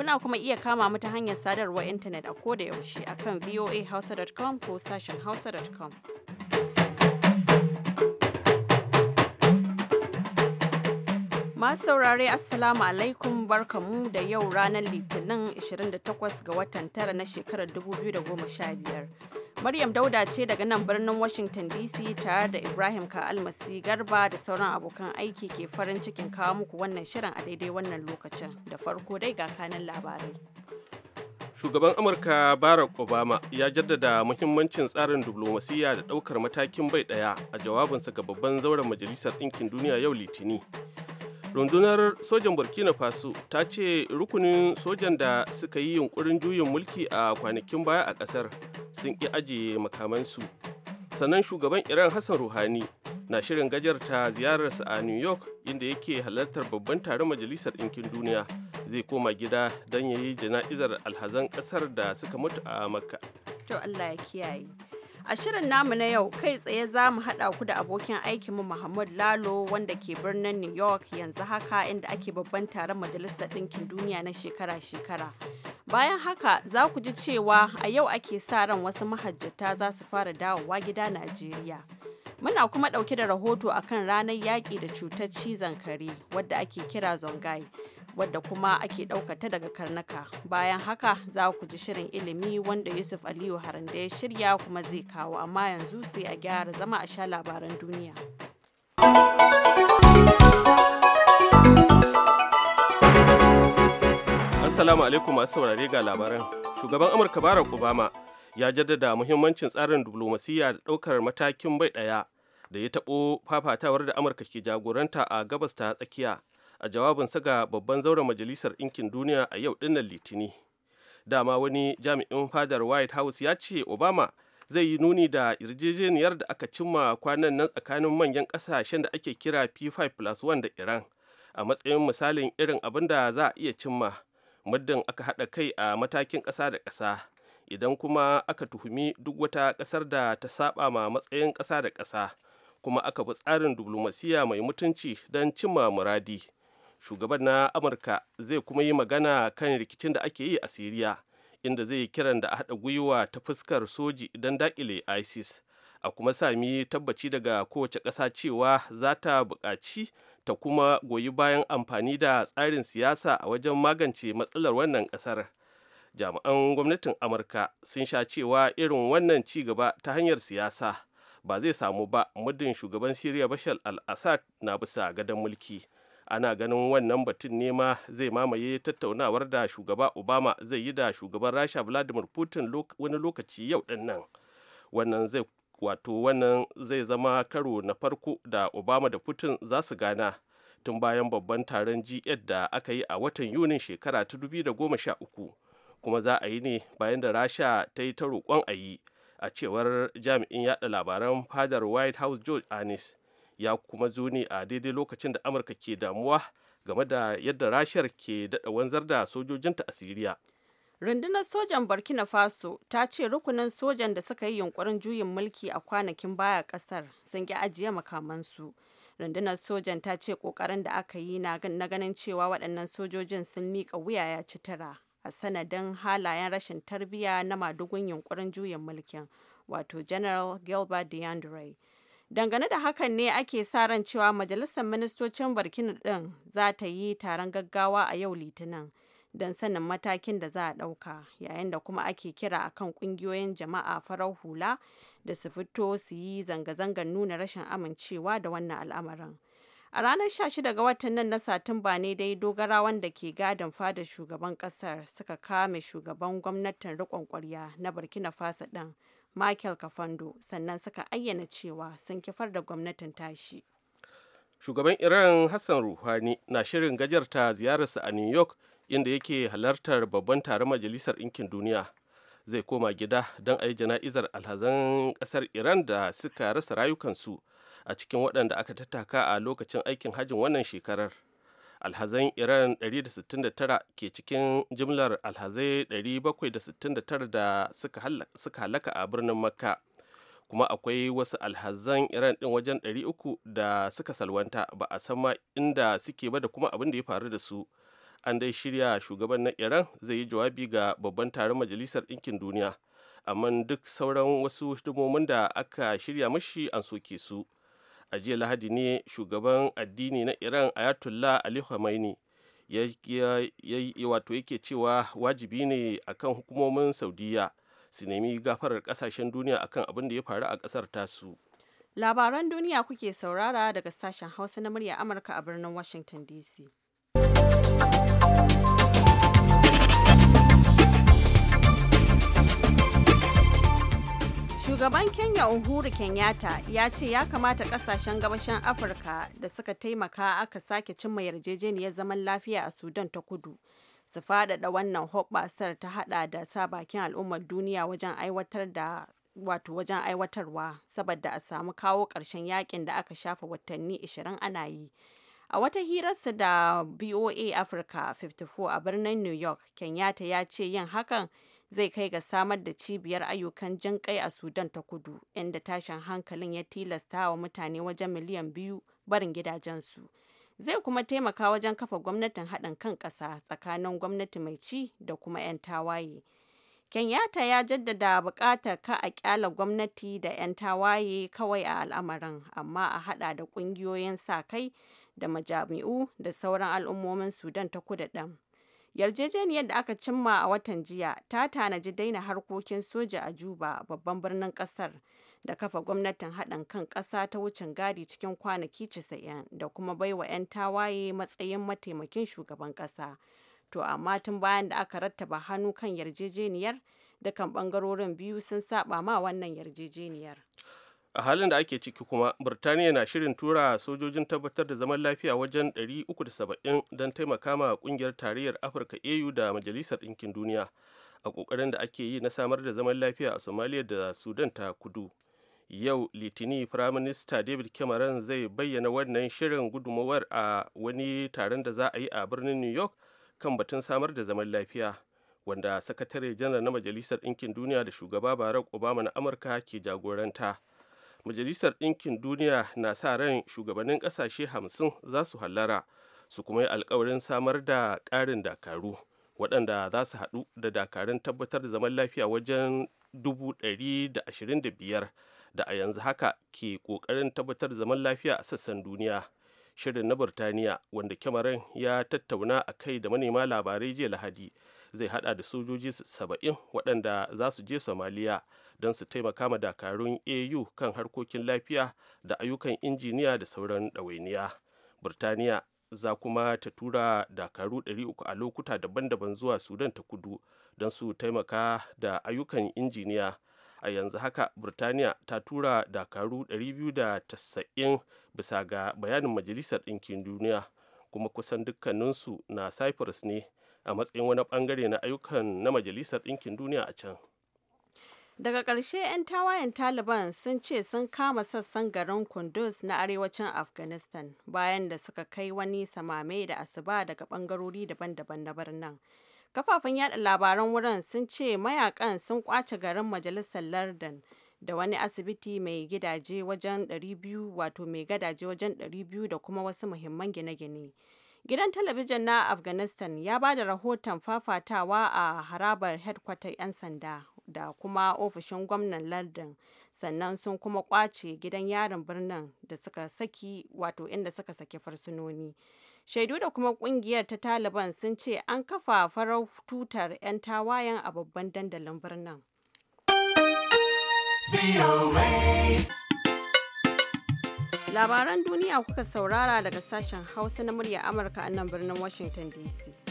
Kuna kuma iya kama mu ta hanyar sadarwar intanet a ko da yaushe a kan voahausa.com ko sashen hausa.com. Masu saurare Assalamu alaikum barkamu da yau ranar Litinin 28 ga watan tara na shekarar 2015. Maryam Dauda ce daga nan birnin Washington DC tare da Ibrahim Ka'almasi Garba da sauran abokan aiki ke farin cikin kawo muku wannan shirin a daidai wannan lokacin. Da farko dai ga kanan labarai. Shugaban Amurka Barack Obama ya jaddada muhimmancin tsarin diplomasiya da daukar matakin bai ɗaya a jawabinsa ga babban zauren Majalisar Ɗinkin Duniya yau Litini. rundunar sojan burkina faso ta ce rukunin sojan da suka yi yunkurin juyin mulki a kwanakin baya a kasar sun ki ajiye makamansu sannan shugaban iran hassan ruhani na shirin gajarta ziyararsa a new york inda yake halartar babban taron majalisar ɗinkin duniya zai koma gida don ya yi jana'izar alhazan ƙasar da suka mutu a makka to allah ya kiyaye A shirin namu na yau kai tsaye za mu haɗa ku da abokin aikinmu Muhammad Lalo wanda ke birnin New York yanzu haka inda ake babban taron Majalisar Ɗinkin Duniya na shekara-shekara. Bayan haka za ku ji cewa a yau ake sa ran wasu mahajjata za su fara dawowa gida Najeriya. Muna kuma ɗauke da rahoto akan ranar yaƙi da cutar cizon kare wadda ake kira Zongai. wadda kuma ake ɗaukata daga karnuka bayan haka za ku ji shirin ilimi wanda yusuf aliyu haranda ya shirya kuma zai kawo amma yanzu sai a gyara zama a sha labaran duniya assalamu alaikum masu saurare ga labaran shugaban amurka barack obama ya jaddada muhimmancin tsarin diplomasiya da ɗaukar matakin bai ɗaya da ya taɓo fafatawar da amurka ke jagoranta a gabas ta tsakiya a jawabinsa ga babban zauren majalisar ɗinkin duniya a yau ɗinnan litini dama wani jami'in fadar white house ya ce obama zai yi nuni da yarjejeniyar da aka cimma kwanan nan tsakanin manyan ƙasashen da ake kira p5 plus 1 da iran a matsayin misalin irin abin da za a iya cimma muddin aka haɗa kai a matakin ƙasa da ƙasa idan kuma aka tuhumi duk wata ƙasar da ta saba ma matsayin ƙasa da ƙasa kuma aka bi tsarin diplomasiya mai mutunci don cimma muradi shugaban na amurka zai kuma yi magana kan rikicin da ake yi a siriya inda zai yi kiran da a haɗa gwiwa ta fuskar soji don dakile isis a kuma sami tabbaci daga kowace ƙasa cewa za ta buƙaci ta kuma goyi bayan amfani da tsarin siyasa a wajen magance matsalar wannan ƙasar jami'an gwamnatin amurka sun sha cewa irin wannan ci gaba ta hanyar siyasa ba zai samu ba muddin shugaban siriya bashar al-assad na bisa gadon mulki ana ganin wannan batun nema zai mamaye tattaunawar da shugaba obama zai yi da shugaban rasha vladimir putin wani lokaci yau din nan wannan zai wato wannan zai zama karo na farko da obama da putin za su gana tun bayan babban taron g da aka yi a watan yunin shekara ta da goma sha uku kuma za a yi ne bayan da rasha ta yi ta roƙon a yi a cewar jami'in yada labaran fadar white house george anis ya kuma zo ne a daidai lokacin da amurka ke damuwa game da yadda rashiyar ke daɗa wanzar da sojojinta a siriya rundunar sojan burkina faso ta ce rukunin sojan da suka yi yunkurin juyin mulki a kwanakin baya ƙasar sun ki ajiye makamansu rundunar sojan ta ce ƙoƙarin da aka yi na ganin cewa waɗannan sojojin sun miƙa wuya ya ci tara a sanadin halayen rashin tarbiyya na madugun yunkurin juyin mulkin wato general gilbert diandre Dangane da hakan ne ake sa ran cewa Majalisar Ministocin Burkina ɗin za ta yi taron gaggawa a yau Litinin don sanin matakin da za a ɗauka, yayin da kuma ake kira a kan ƙungiyoyin jama'a farar hula da su fito su yi zanga-zangar nuna rashin amincewa da wannan al'amarin. A ranar 16 ga watan nan na Satumba ne dai dogara wanda ke gadon fada shugaban kasar suka kame shugaban gwamnatin riƙon ƙwarya na Burkina Faso ɗin michael kafando sannan suka ayyana cewa sun kifar da gwamnatin tashi shugaban iran hassan ruhani na shirin gajarta ziyararsa a new york inda yake halartar babban taron majalisar ɗinkin duniya zai koma gida don a yi jana'izar alhazan ƙasar iran da suka rasa rayukansu a cikin waɗanda aka tattaka a lokacin aikin hajjin wannan shekarar alhazan iran 169 ke cikin jimlar alhazai 769 da suka halaka a birnin makka kuma akwai wasu alhazan iran din wajen 300 da suka salwanta ba a san ma inda suke ba da kuma abin da ya faru da su an dai shirya shugaban na iran zai yi jawabi ga babban taron majalisar ɗinkin duniya amma duk sauran wasu hidimomin da aka shirya mashi an soke su a jiya lahadi ne shugaban addini na iran ayatollah ali khamenei ya wato yake cewa wajibi ne akan hukumomin saudiya su nemi gafarar kasashen duniya akan abin da ya faru a kasar tasu labaran duniya kuke saurara daga sashen hausa na murya amurka a birnin washington dc Shugaban Kenya Uhuru Kenyatta ya ce ya kamata kasashen gabashin Afirka da suka taimaka aka sake cimma yarjejeniyar zaman lafiya a Sudan ta kudu. Su faɗaɗa wannan hoɓɓasar ta haɗa da sa bakin al'ummar duniya wajen aiwatar da wato wajen aiwatarwa saboda a samu kawo ƙarshen yakin da aka shafa watanni 20 ana yi. A wata hirarsa da VOA Africa 54 a birnin New York, Kenyatta ya ce yin hakan zai kai ga samar da cibiyar ayyukan jin kai a sudan ta kudu inda tashin hankalin ya tilasta wa mutane wajen miliyan biyu barin gidajensu zai kuma taimaka wajen kafa gwamnatin haɗin kan ƙasa tsakanin gwamnati mai ci da kuma 'yan tawaye kenyatta ya jaddada buƙatar ka a kyala gwamnati da 'yan tawaye kawai a al'amarin amma a haɗa da ƙungiyoyin sa kai da majami'u da sauran al'ummomin sudan ta kudu ɗan Yarjejeniyar da aka cimma a watan jiya ta tanaji daina harkokin soja a Juba, babban birnin kasar, da kafa gwamnatin haɗin kan ƙasa ta wucin gadi cikin kwanaki 90 da kuma baiwa 'yan tawaye matsayin mataimakin shugaban ƙasa. To amma tun bayan da aka rattaba hannu kan yarjejeniyar, dukan bangarorin biyu sun saba ma wannan yarjejeniyar. a halin da ake ciki kuma birtaniya na shirin tura sojojin tabbatar da zaman lafiya wajen 370 don taimaka ma kungiyar tarayyar afirka au da majalisar ɗinkin duniya a ƙoƙarin da ake yi na samar da zaman lafiya a somaliya da sudan ta kudu yau litini minister david cameron zai bayyana wannan shirin gudunmawar a wani taron da za a yi a birnin new york kan batun samar da zaman lafiya wanda sakatare janar na majalisar ɗinkin duniya da shugaba barack obama na amurka ke jagoranta majalisar ɗinkin duniya na sa ran shugabannin ƙasashe hamsin za su hallara su kuma yi alkawarin samar da ƙarin dakaru waɗanda za su haɗu da dakarun tabbatar da zaman lafiya wajen 125 da a yanzu haka ke ƙoƙarin tabbatar da zaman lafiya a sassan duniya shirin na burtaniya wanda kyamaran ya tattauna a kai da manema labarai jiya lahadi zai hada da sojoji 70 waɗanda za su je somaliya don su taimaka ma dakarun au kan harkokin lafiya da ayyukan injiniya da sauran ɗawainiya burtaniya za kuma ta tura dakaru 300 a lokuta daban-daban zuwa sudan ta kudu don su taimaka da ayyukan injiniya a yanzu haka burtaniya ta tura dakaru 290 bisa ga bayanin majalisar ɗinkin duniya kuma kusan dukkaninsu na cyprus ne a matsayin wani bangare na ayyukan na majalisar ɗinkin duniya a can Daga ƙarshe 'yan tawayen Taliban sun ce sun kama sassan garin Kunduz na arewacin Afghanistan bayan da suka kai wani samame da asuba daga ɓangarori daban-daban na birnin. Kafafen yada labaran wurin sun ce mayakan sun kwace garin majalisar Lardin da wani asibiti mai gidaje wajen 200 wato mai gadaje wajen 200 da kuma wasu muhimman gine-gine. Gidan talabijin na Afghanistan ya ba da rahoton fafatawa a harabar headquarter 'yan sanda da kuma ofishin gwamnan lardin sannan sun kuma kwace gidan yarin birnin da suka saki wato inda suka saki farsunoni, shaidu da kuma kungiyar ta taliban sun ce an kafa farar tutar 'yan tawayen a babban dandalin birnin labaran duniya kuka saurara daga sashen hausa na murya amurka a nan birnin washington dc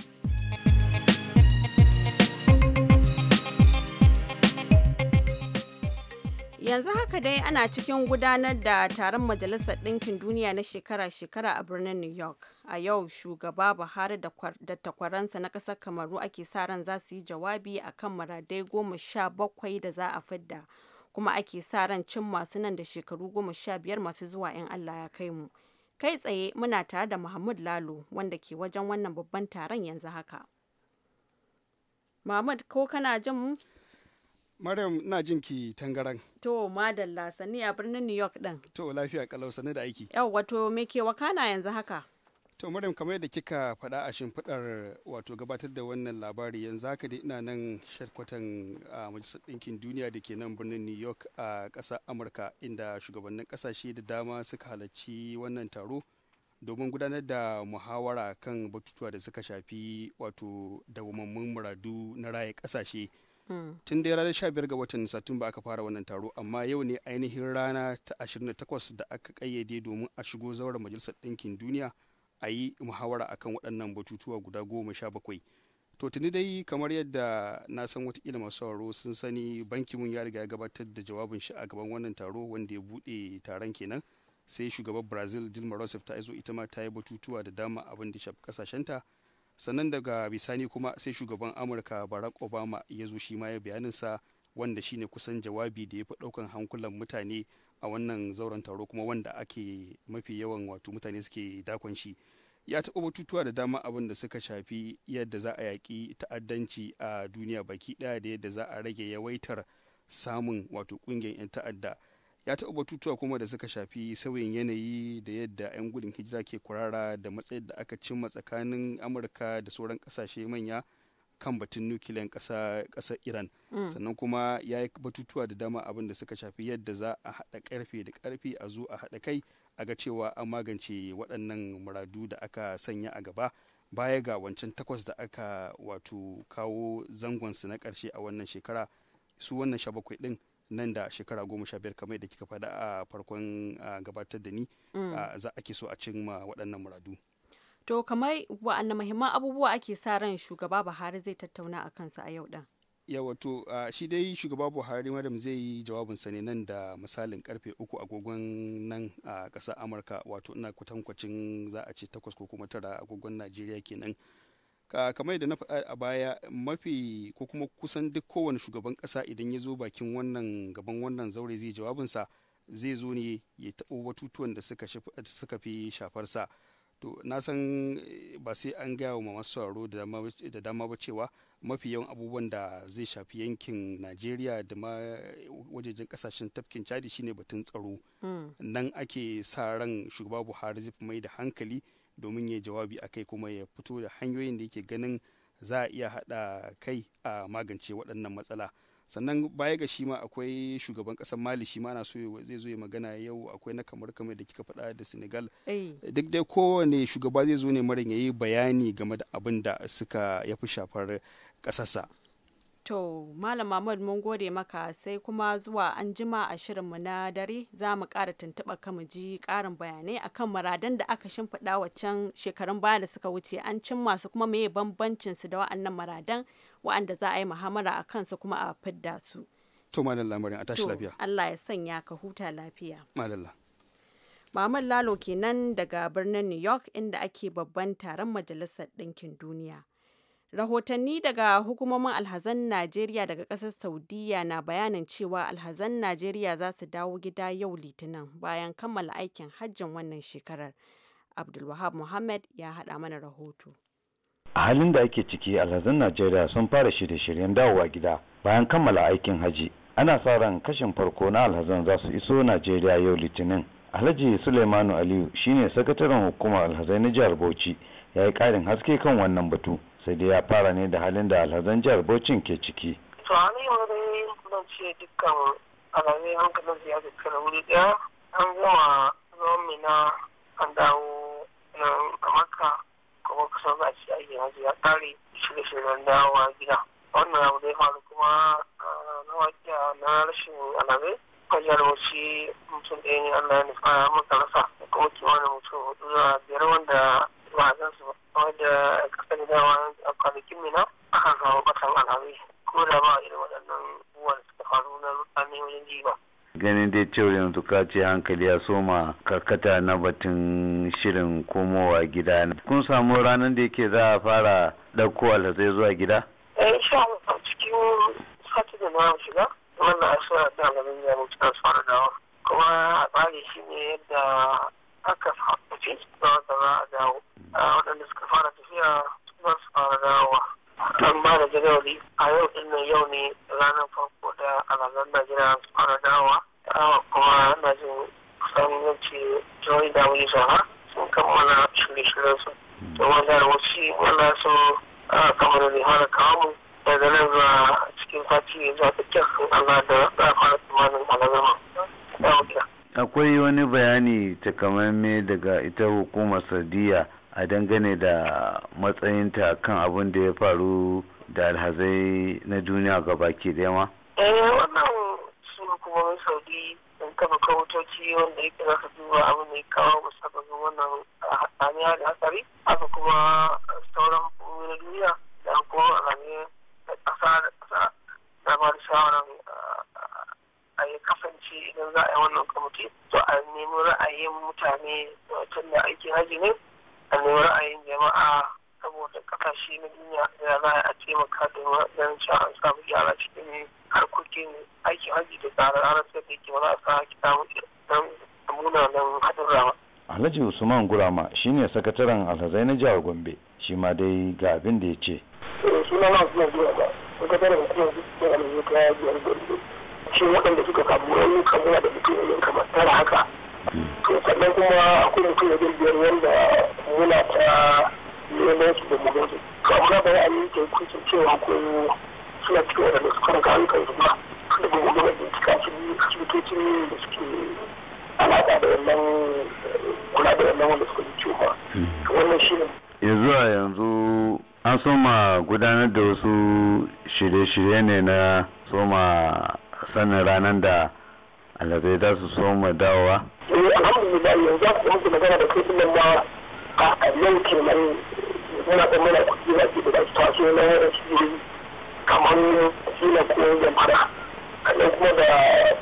Yanzu haka dai ana cikin gudanar da taron Majalisar Ɗinkin Duniya na shekara-shekara a birnin New York. A yau shugaba Buhari da takwaransa na ƙasar Kamaru ake sa ran za su yi jawabi a kan maradai goma sha bakwai da za a fidda, kuma ake sa ran cin masu nan da shekaru goma sha biyar masu zuwa in Allah ya kai mu. Kai tsaye muna tare da Muhammad Lalo wanda ke wajen wannan babban taron yanzu haka. mahmad ko kana jin mu? Maryam ina jin ki tangaran. To madalla sani a birnin New York din. To lafiya kalau sani da aiki. Yau wato me ke wakana yanzu haka? To Maryam kamar yadda kika faɗa a shimfiɗar wato gabatar da wannan labari yanzu haka dai ina nan shakwatan a majalisar ɗinkin duniya da ke nan birnin New York a ƙasar Amurka inda shugabannin ƙasashe da dama suka halarci wannan taro domin gudanar da muhawara kan batutuwa da suka shafi wato dawamammun muradu na raye ƙasashe. tun da ranar 15 ga watan satumba aka fara wannan taro amma yau ne ainihin rana ta 28 da aka kayyade domin a shigo zauren majalisar ɗinkin duniya a yi muhawara akan waɗannan batutuwa guda goma sha bakwai to tuni dai kamar yadda na san ila masu sauraro sun sani banki mun ya riga ya gabatar da jawabin shi a gaban wannan taro wanda ya buɗe taron kenan sai shugaban brazil dilma rousseff ta izo ita ma ta yi batutuwa da dama abin da shafi kasashenta sannan daga bisani kuma sai shugaban amurka barack obama ya zo shi ma ya sa wanda shine kusan jawabi da ya fi daukan hankulan mutane a wannan zauren taro kuma wanda ake mafi yawan wato mutane suke dakon shi ya taɓa batutuwa da dama abin da suka shafi yadda za a yaƙi ta'addanci a duniya baki ɗaya da yadda za a rage yawaitar samun wato ƙungiyar 'yan ta'adda ya taɓa batutuwa kuma da suka shafi sauyin yanayi da yadda 'yan gudun hijira ke kurara da matsayin da aka cimma tsakanin amurka da sauran ƙasashe manya kan batun nukiliyan ƙasar iran mm. sannan kuma ya yi batutuwa da dama abin da suka shafi yadda za a haɗa ƙarfe da ƙarfe a zo a haɗa kai a ga cewa an magance waɗannan muradu da aka sanya a gaba baya ga wancan takwas da aka wato kawo zangonsu na ƙarshe a wannan shekara su wannan sha bakwai ɗin nan da shekara goma sha biyar kamar yadda kika faɗa a farkon gabatar da ni mm. za ke so a cimma waɗannan muradu. To kamar wa'annan muhimman abubuwa ake sa ran shugaba Buhari zai tattauna a kansa a yau ɗin. yawa to shi dai shugaba buhari madam zai yi jawabin sa ne nan da misalin karfe uku agogon nan a ƙasar amurka wato ina kwatankwacin za a ce takwas ko kuma tara agogon najeriya kenan kamar da na faɗa a baya mafi ko kuma kusan duk kowane shugaban ƙasa idan ya zo bakin wannan gaban wannan zaure zai jawabinsa zai zo ne ya taɓo batutuwan da suka fi shafarsa to na san eh, ba sai an gaya wa masu sauraro da dama ba cewa mafi yawan abubuwan da zai shafi yankin najeriya da ma wajejen kasashen tafkin chadi shine batun tsaro hmm. nan ake sa ran shugaba buhari zai mai da hankali domin ya jawabi a kai kuma ya fito da hanyoyin da yake ganin za a iya haɗa kai a magance waɗannan matsala sannan baya ga shi ma akwai shugaban ƙasar mali shi ma na so zai zo ya magana yau akwai na kamar kamar da kika faɗa da senegal eh. duk dai kowane shugaba zai zo ne marin ya bayani game da abin da suka ya fi shafar ƙasarsa To, Malam Mahmud mun gode maka sai kuma zuwa an jima a shirinmu na dare za mu kara tuntuɓa ka mu ji ƙarin bayanai akan maradan da aka shimfiɗa can shekarun baya da suka wuce an cin masu kuma meye bambancin su da wa'annan maradan wa'anda za a yi muhammara a kansu kuma a fidda su. To, malam lamarin a tashi lafiya. Allah ya sanya ka huta lafiya. Madalla. Mahmud Lalo kenan daga birnin New York inda ake babban taron Majalisar Ɗinkin Duniya. Rahotanni daga hukumomin alhazan Najeriya daga ƙasar Saudiya na bayanin cewa alhazan Najeriya za su dawo gida yau Litinin bayan kammala aikin hajjin wannan shekarar. Abdulwahab Muhammad ya haɗa mana rahoto. A halin da ake ciki alhazan Najeriya sun fara shirye-shiryen dawowa gida bayan kammala aikin haji. Ana sa ran kashin farko na alhazan za su iso Najeriya yau Litinin. Alhaji Suleimanu Aliyu shine sakataren hukumar alhazai na jihar Bauchi ya yi ƙarin haske kan wannan batu. sai dai ya fara ne da halin da alhazan jihar bocin ke ciki. To an yi wani ban ce dukkan alhazai hankalin su ya kira wuri ɗaya an zama zuwan mina an dawo na a kuma kusan za a ci aiki hajji ya ƙare shirye-shiryen dawowa gida. Wannan abu da ya faru kuma na wakiya na rashin alhazai fajar wuce mutum ɗaya ne Allah ya nufa makarasa rasa kuma kimanin mutum hudu zuwa biyar wanda ba san su wanda kasan dama a kwanakin mina akan samu kasan alhamdu ko da ba irin waɗannan abubuwan suka faru na rutsanin wajen jiba. ganin dai cewar yanzu ka ce hankali ya soma karkata na batun shirin komowa gida kun samu ranar da yake za a fara ɗauko alhazai zuwa gida? eh sha cikin sati da na shiga ga ita hukumar sardiya a dangane da matsayinta kan abin da ya faru da alhazai na duniya ga baki da yama? eh wannan su hukumomin saudi sun kafa kawotoci wanda yake za ka duba usman gurama shine sakataren alhazai na jihar gombe shi ma dai ga abin da ya ce suna sunana usman gurama sakataren hukumar alhazai ta jihar gombe shi waɗanda suka kamu wani kamuwa da mutum yin kamar tara haka to sannan kuma akwai mutum wajen biyar wanda muna ta neman su da mu gan su to amma ya amince hukuncin cewa ko suna cikin waɗanda suka raka hankalin su ba da mu gama bincika su asibitocin da suke wanda suka ji cuta mm. wannan shi yanzu a yanzu an soma gudanar da wasu shirye-shirye ne na soma sanin ranar da alazai za su soma dawowa eh, alhamdulillah yanzu za ku muke magana da kai nan ma a yau kenan muna ɗan mana kuɗi da ke da taso na wasu kamar kila ko zamfara kaɗan kuma da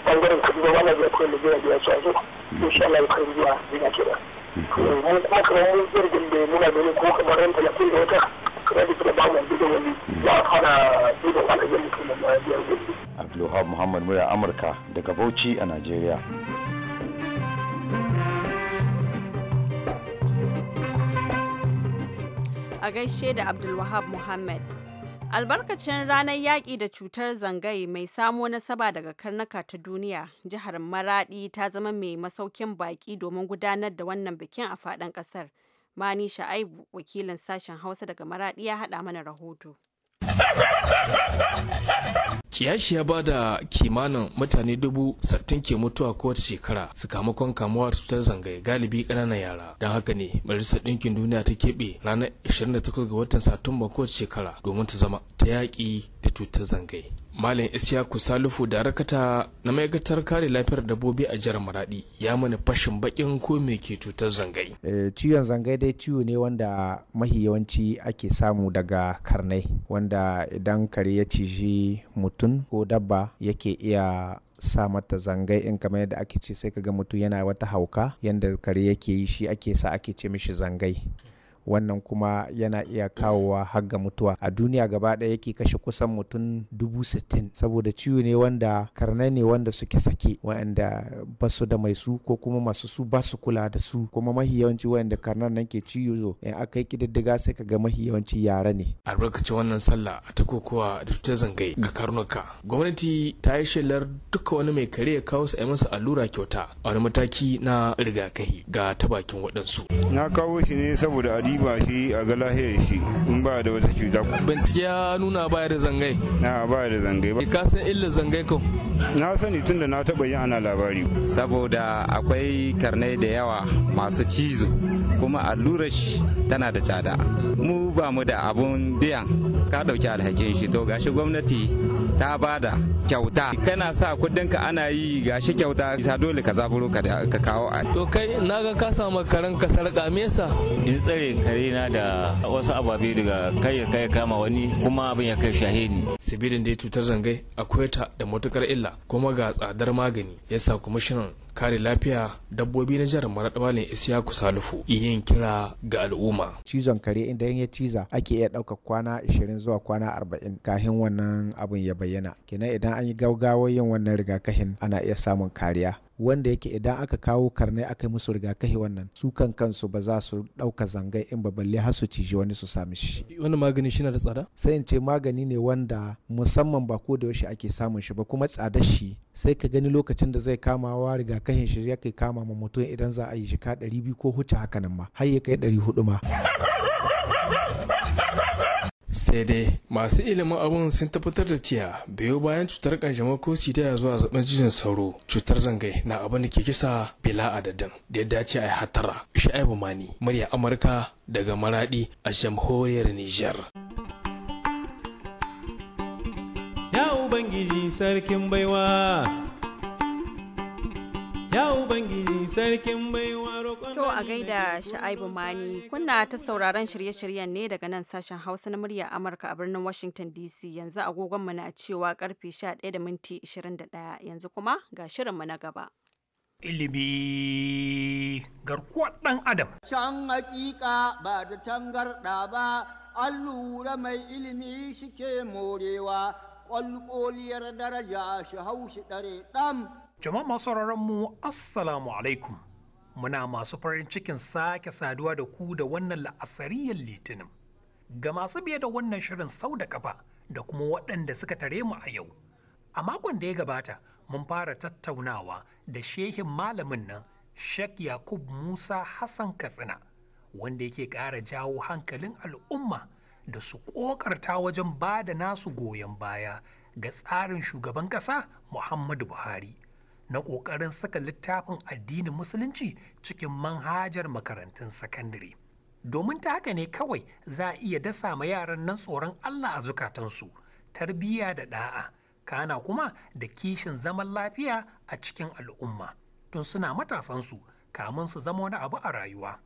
ɓangaren kuɗi da wani da kuma da biya biya su a zo mm. insha Allah ya kai biya biya kenan yanzu kuma kamar mun jirgin da muna ganin ko kamar ran talatin da wata kamar da suka bamu yanzu da wani za fara duba kwanakin mutum da biyar gobe. Abdulhab Muhammad Murya Amurka daga Bauchi a Najeriya. A gaishe da Abdulwahab Muhammad. Albarkacin ranar yaƙi da cutar zangai mai samo nasaba daga karnuka ta duniya, jihar maraɗi ta zama mai masaukin baƙi domin gudanar da wannan bikin a faɗin ƙasar. Mani Sha'aibu, wakilin sashen Hausa daga maraɗi ya haɗa mana rahoto. kiyashi ya da kimanin mutane dubu sattin ke mutuwa kowace shekara sakamakon kamuwa da cutar zangaye galibi ƙananan yara don haka ne majalisar ɗinkin duniya ta keɓe ranar 28 ga watan satumba kowace shekara domin ta zama ta yaƙi da cutar zangaye Malam Isyaku Salifu da rakata na ma'aikatar kare lafiyar dabbobi a jihar Maradi ya mana fashin bakin ko me ke cutar zangai. Eh, ciwon zangai dai ciwo ne wanda mahi yawanci ake samu daga karnai wanda idan kare ya ciji mutum ko dabba yake iya sa mata zangai in kamar yadda ake ce sai kaga mutum yana wata hauka yanda kare yake yi shi ake sa ake ce mishi zangai. wannan kuma yana iya kawowa har ga mutuwa a duniya gaba ɗaya yake kashe kusan mutum dubu sittin saboda ciwo ne wanda karne ne wanda suke sake wa'anda ba su da mai su ko kuma masu su ba su kula da su kuma mahi yawanci wa'anda karnan nan ke ciwo in aka yi kididdiga sai ka ga mahi yawanci yara ne albarkacin wannan sallah ta kokowa da ta zangai ga karnuka gwamnati ta yi shelar duka wani mai kare ya kawo sa masa allura kyauta a wani mataki na rigakafi ga ta bakin waɗansu na kawo shi ne saboda adi ba shi a ga lahiyar shi in ba da wata cuta bincike ya nuna baya da zangai na ba da zangai ba ka san illa zangai ko na sani tunda na taba yin ana labari saboda akwai karnai da yawa masu cizo kuma allurar shi tana da tsada mu ba mu da abun biyan ka ɗauki alhakin shi to gashi gwamnati ta bada kyauta kana sa kudinka ana yi gashi kyauta ta dole ka zaburo ka kawo a to kai na ga ka samu karan ka sarka me yasa in tsare na da wasu ababe daga kai kai kama wani kuma abin ya kai shahini sibidin da ya cutar zangai akwai ta da matukar illa kuma ga tsadar magani yasa kwamishinan kare lafiya dabbobi na jihar Maraɗa isiya Isiyaku Salifu yin kira ga al'umma. Cizon kare yin ya ciza ake iya ɗauka kwana 20 zuwa kwana 40 kafin wannan abun ya bayyana. Kenan idan an yi gaugawa yin wannan rigakafin ana iya samun kariya. wanda yake idan aka kawo karnai aka yi musu rigakafi wannan su kan kansu ba za su ɗauka zangai in ba balle har su ciji wani su sami shi. Wani magani shi na da tsada? Sai in ce magani ne wanda musamman ba ko da yaushe ake samun shi ba kuma tsada shi sai ka gani lokacin da zai kama wa rigakafin shi ya kai kama ma mutum idan za a yi shi ka ɗari biyu ko huce hakanan nan ma har ya kai ɗari hudu ma. sai dai masu ilimin abun sun tabbatar da cewa biyo bayan cutar kanjamau ko sida zuwa zaben jijin sauro cutar zangai na abin da ke kisa bila adadin da ya dace a yi hatara shi'aibu mani murya amurka daga maradi a jamhuriyar niger ya ubangiji sarkin baiwa Ya Ubangiji sarkin baiwa roƙon To a gaida Sha'aibu Mani kuna ta sauraron shirye-shiryen ne daga nan sashen Hausa na muryar Amurka a birnin Washington DC yanzu agogon mu na cewa karfe 11 da minti 21 yanzu kuma ga shirinmu na gaba. Ilimi garkuwar ɗan Adam. Can hakika ba da tangarɗa ba, allura mai ilimi shike morewa, ƙwalƙoliyar daraja shi haushi ɗare ɗan Jama'a masu mu Assalamu alaikum. Muna masu farin cikin sake saduwa da ku da wannan la'asariyar litinin. Ga masu biye da wannan shirin sau da kafa da kuma waɗanda suka tare mu a yau. A makon da ya gabata mun fara tattaunawa da shehin malamin nan Sheikh Yakub Musa Hassan Katsina wanda yake ƙara jawo hankalin al'umma da su ƙoƙarta wajen ba da nasu goyon baya ga tsarin shugaban ƙasa Muhammadu Buhari. na ƙoƙarin saka littafin addinin musulunci cikin manhajar makarantun sakandare. Domin ta haka ne kawai za a iya dasa ma yaran nan tsoron Allah a zukatansu, tarbiyya da ɗa'a, kana kuma da kishin zaman lafiya a cikin al'umma, tun suna matasansu kamun su zama wani abu a rayuwa.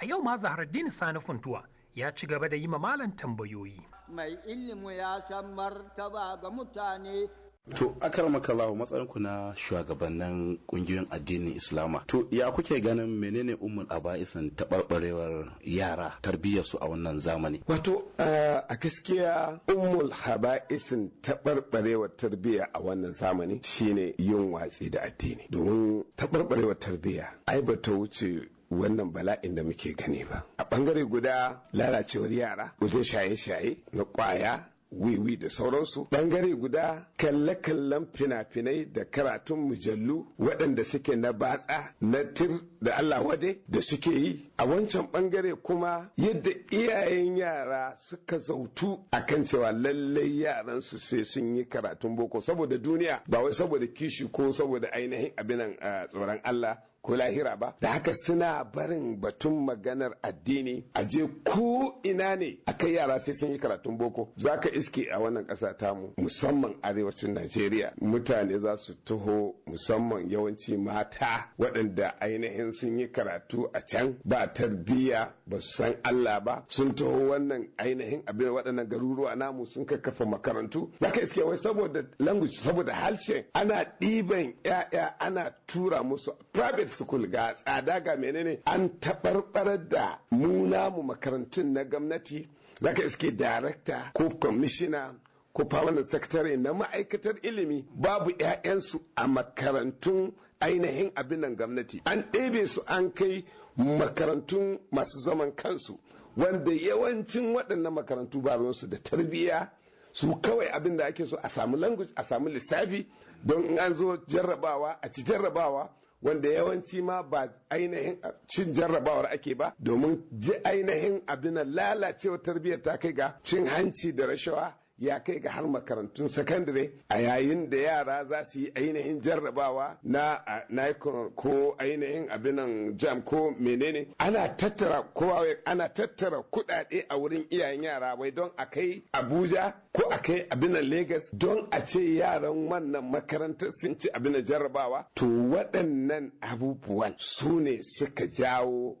A yau ma Zaharaddini Sani Funtuwa ya ci gaba da yi ma malam tambayoyi. Mai ilimi ya san martaba ga mutane To akaramaka matsayin matsayinku na shugabannin kungiyoyin addinin Islama. To ya kuke ganin menene ummul aba'isan taɓarɓarewar yara tarbiyyarsu a wannan zamani? Wato a gaskiya ummul haba'isin taɓarɓarewar tarbiyya a wannan zamani shine yin watsi da addini. Domin taɓarɓarewar tarbiyya ai ba ta wuce wannan bala'in da muke gani ba a bangare guda lalacewar yara wajen shaye-shaye na kwaya wiwi da sauransu ɓangare guda kalle-kallen fina-finai da karatun mujallu waɗanda suke na batsa na tir da Allah wade da suke yi a wancan ɓangare. kuma yadda iyayen yara suka zautu a kan cewa lallai yaran su sai sun yi karatun boko saboda duniya ba wai saboda kishi ko saboda ainihin abinan ah, tsoron Allah ko lahira ba da haka suna barin batun maganar addini a je ko ina ne a kai yara sai sun yi karatun boko za ka iske a wannan ƙasa mu musamman arewacin najeriya mutane za su taho musamman yawanci mata waɗanda ainihin sun yi karatu a can ba tarbiyya ba su san allah ba sun taho wannan ainihin abin waɗannan garuruwa namu sun kakkafa makarantu za ka iske wai saboda language saboda harshen ana ɗiban 'ya'ya ana tura musu private private school ga tsada ga menene an taɓarɓarar da mu namu makarantun na gwamnati zaka iske darakta ko kwamishina ko permanent secretary na ma'aikatar ilimi babu 'ya'yansu a makarantun ainihin abin nan gwamnati an ɗebe su an kai makarantun masu zaman kansu wanda yawancin waɗannan makarantu ba ruwansu da tarbiyya su kawai abin da ake so a samu language a samu lissafi don in an zo jarrabawa a ci jarrabawa wanda yawanci ma ba ainihin cin jarrabawar ake ba domin ji ainihin abin lalacewa tarbiyyar ta kai ga cin hanci da rashawa ya kai ga har makarantun sakandare a yayin da yara za su yi ainihin jarrabawa na nikon ko ainihin abinan jam ko menene ana tattara kowa ana tattara kudade a wurin iyayen yara wai don a kai abuja ko a kai abinan Legas? don a ce yaran wannan makarantar sun ci abinan jarrabawa to waɗannan abubuwan su ne suka jawo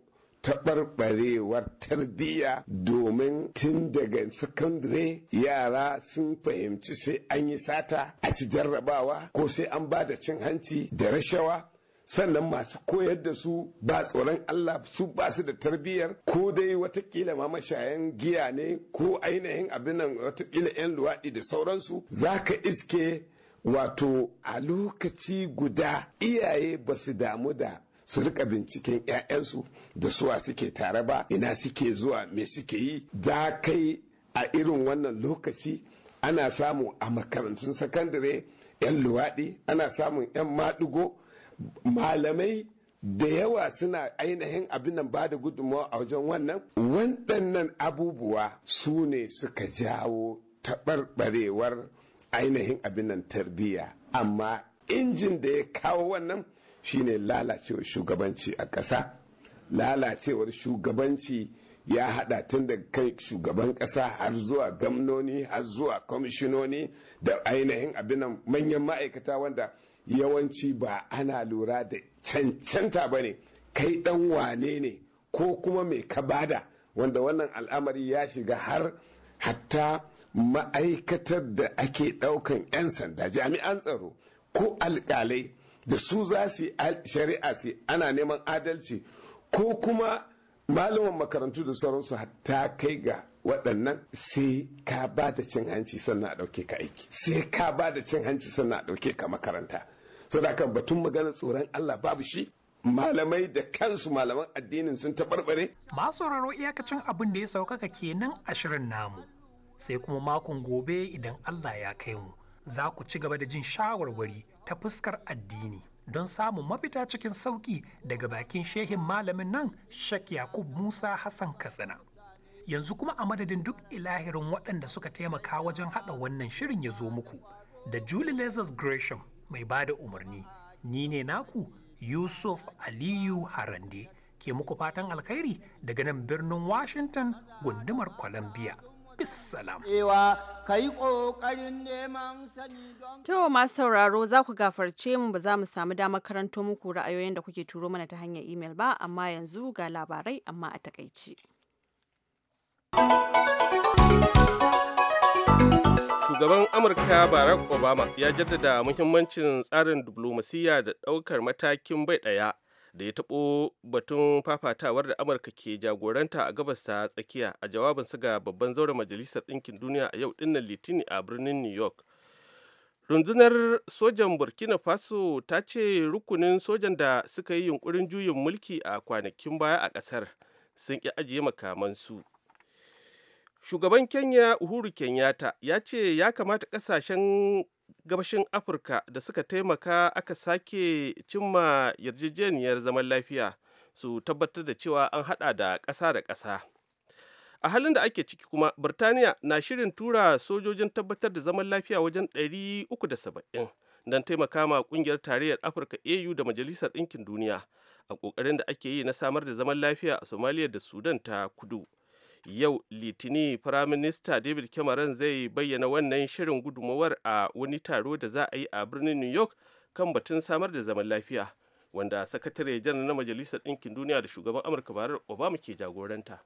taɓarɓarewar tarbiyya domin tun daga sakandare yara sun fahimci sai an yi sata a ci jarrabawa ko sai an ba da cin hanci da rashawa sannan masu koyar da su ba tsoron Allah su ba su da tarbiyyar ko dai watakila ma mashayan giya ne ko ainihin abinan watakila 'yan luwaɗi da sauransu za ka iske wato a lokaci guda iyaye ba su damu da su rika binciken 'ya'yansu da suwa suke tare ba ina suke zuwa me suke yi da kai a irin wannan lokaci ana samu a makarantun sakandare 'yan luwaɗi ana samun 'yan maɗigo malamai da yawa suna ainihin abin nan ba da gudunmawa a wajen wannan waɗannan abubuwa su ne suka jawo taɓarɓarewar ainihin abin nan tarbiyya amma injin da ya kawo wannan shine lalacewar shugabanci a ƙasa lalacewar shugabanci ya hada tun daga kai shugaban ƙasa har zuwa gamnoni har zuwa kwamishinoni da ainihin abin manyan ma'aikata wanda yawanci ba ana lura da cancanta ba ne kai dan wane ne ko kuma mai kabada wanda wannan al'amari ya shiga har hatta ma'aikatar da ake daukan 'yan sanda jami'an tsaro ko alkalai da su za su shari'a su ana neman adalci ko kuma malaman makarantu da sauransu hatta kai ga waɗannan sai ka ba da cin hanci sannan a ɗauke ka aiki sai ka ba da cin hanci sannan a ɗauke ka makaranta so da kan batun maganar tsoron Allah babu shi malamai da kansu malaman addinin sun taɓarɓare. masu sauraro iyakacin abin da ya saukaka kenan ashirin namu sai kuma makon gobe idan Allah ya kai mu za ku ci gaba da jin shawarwari ta fuskar addini don samun mafita cikin sauƙi daga bakin shehin malamin nan shek Yakub Musa Hassan Katsina. Yanzu kuma a madadin duk ilahirin waɗanda suka taimaka wajen haɗa wannan shirin ya zo muku da Julie Lazarus Gresham mai ba da umarni. Ni ne naku Yusuf Aliyu Harande ke muku fatan alkhairi daga nan birnin Washington gundumar Columbia. bisalam. Ewa, ka yi ƙoƙarin neman sani don... Tawa masu sauraro za ku gafarce mu ba za mu samu damar karanto muku ra'ayoyin da kuke turo mana ta hanyar imel ba, amma yanzu ga labarai amma a takaici. Shugaban Amurka Barack Obama ya jaddada muhimmancin tsarin diplomasiya da ɗaukar matakin bai ɗaya. da ya taɓo batun fafatawar da amurka ke jagoranta a gabas ta tsakiya a jawabinsa ga babban zauren majalisar ɗinkin duniya a yau ɗinnan litini a birnin new york rundunar sojan burkina faso ta ce rukunin sojan da suka yi yunkurin juyin mulki a kwanakin baya a ƙasar sun ƙi ajiye makamansu shugaban kenya uhuru kenyatta ya ce ya kamata ƙasashen gabashin afirka da suka taimaka aka sake cimma yarjejeniyar zaman lafiya su tabbatar da cewa an hada da ƙasa da ƙasa a halin da ake ciki kuma birtaniya na shirin tura sojojin tabbatar da zaman lafiya wajen 370 don taimaka ma kungiyar tarayyar afirka au da majalisar ɗinkin duniya a ƙoƙarin da ake yi na samar da zaman lafiya a somaliya da sudan ta kudu yau litini firaminista david cameron zai bayyana wannan shirin gudunmawar a wani taro da za a yi a birnin new york kan batun samar da zaman lafiya wanda sakatare janar na majalisar ɗinkin duniya da shugaban amurka barar obama ke jagoranta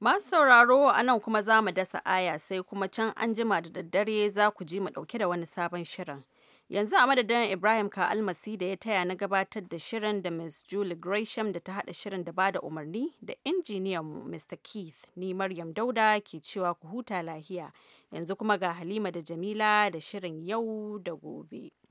masu sauraro a nan kuma za mu dasa aya sai kuma can an jima da daddare za ku ji mu ɗauke da wani sabon shirin Yanzu a madadin Ibrahim ka almasi da ya taya na gabatar da shirin da Ms. Julie Gresham da ta haɗa shirin da bada umarni da injiniyan Mr. Keith ni Maryam Dauda ke cewa ku huta lahiya. Yanzu kuma ga Halima da Jamila da shirin yau da gobe.